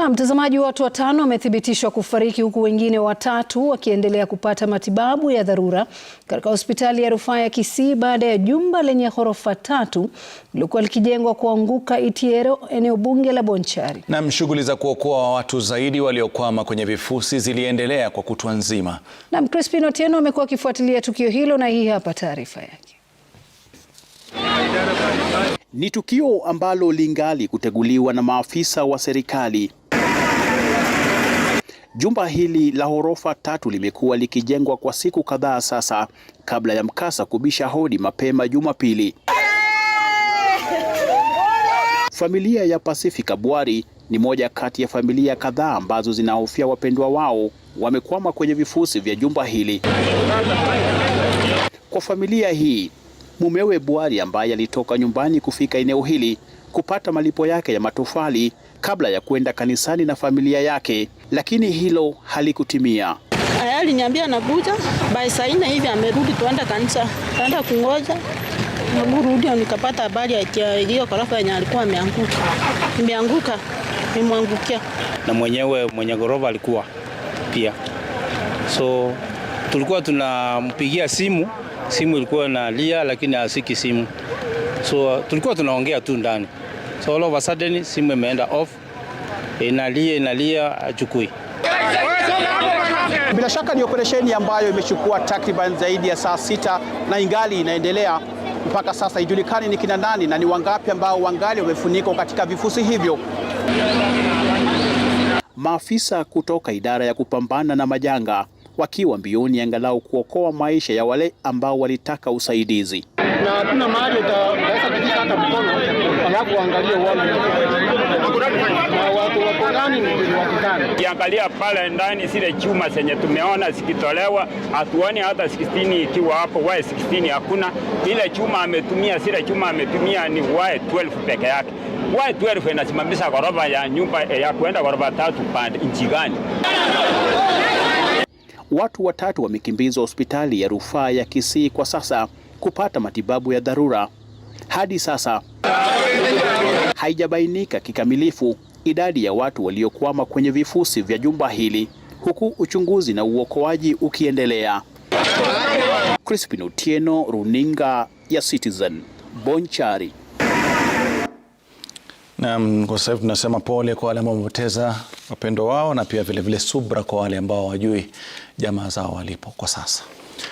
Na mtazamaji, watu watano wamethibitishwa kufariki huku wengine watatu wakiendelea kupata matibabu ya dharura katika hospitali ya rufaa ya Kisii baada ya jumba lenye ghorofa tatu lilikuwa likijengwa kuanguka Itiero, eneo bunge la Bonchari. Nam, shughuli za kuokoa watu zaidi waliokwama kwenye vifusi ziliendelea kwa kutwa nzima. Nam, Crispin Otieno amekuwa akifuatilia tukio hilo na hii hapa taarifa yake. Ni tukio ambalo lingali kuteguliwa na maafisa wa serikali Jumba hili la ghorofa tatu limekuwa likijengwa kwa siku kadhaa sasa kabla ya mkasa kubisha hodi mapema Jumapili. Familia ya Pacifica Bwari ni moja kati ya familia kadhaa ambazo zinahofia wapendwa wao wamekwama kwenye vifusi vya jumba hili. Kwa familia hii mumewe Bwari ambaye alitoka nyumbani kufika eneo hili kupata malipo yake ya matofali kabla ya kwenda kanisani na familia yake, lakini hilo halikutimia. Aliniambia anakuja by saa nne hivi, amerudi tuenda kanisa, tuenda kungoja Nagurudi nikapata habari iliyo ghorofa yenye alikuwa ameanguka, imeanguka imwangukia, na mwenyewe mwenye ghorofa alikuwa pia, so tulikuwa tunampigia simu simu ilikuwa inalia, lakini asiki simu, so tulikuwa tunaongea tu ndani, so all of a sudden simu imeenda off, inalia inalia, achukui bila shaka ni operesheni ambayo imechukua takriban zaidi ya saa sita na ingali inaendelea mpaka sasa. Ijulikani ni kina nani na ni wangapi ambao wangali wamefunikwa katika vifusi hivyo. Maafisa kutoka idara ya kupambana na majanga wakiwa mbioni angalau kuokoa maisha ya wale ambao walitaka usaidizi. Na hatuna mahali utaweza kufika hata mkono alafu angalie wale Kiangalia pale ndani zile chuma zenye tumeona zikitolewa, hatuoni hata 16 ikiwa hapo, wae 16 hakuna. Ile chuma ametumia, zile chuma ametumia ni wae 12 peke yake. Wae 12 inasimamisha ghorofa ya nyumba ya kuenda ghorofa tatu pande nchi gani? Watu watatu wamekimbizwa hospitali ya rufaa ya Kisii kwa sasa kupata matibabu ya dharura. Hadi sasa haijabainika kikamilifu idadi ya watu waliokwama kwenye vifusi vya jumba hili, huku uchunguzi na uokoaji ukiendelea. Crispin Otieno, runinga ya Citizen, Bonchari. Naam, kwa sasa tunasema pole kwa wale ambao wamepoteza wapendo wao na pia vilevile subra kwa wale ambao hawajui jamaa zao walipo kwa sasa.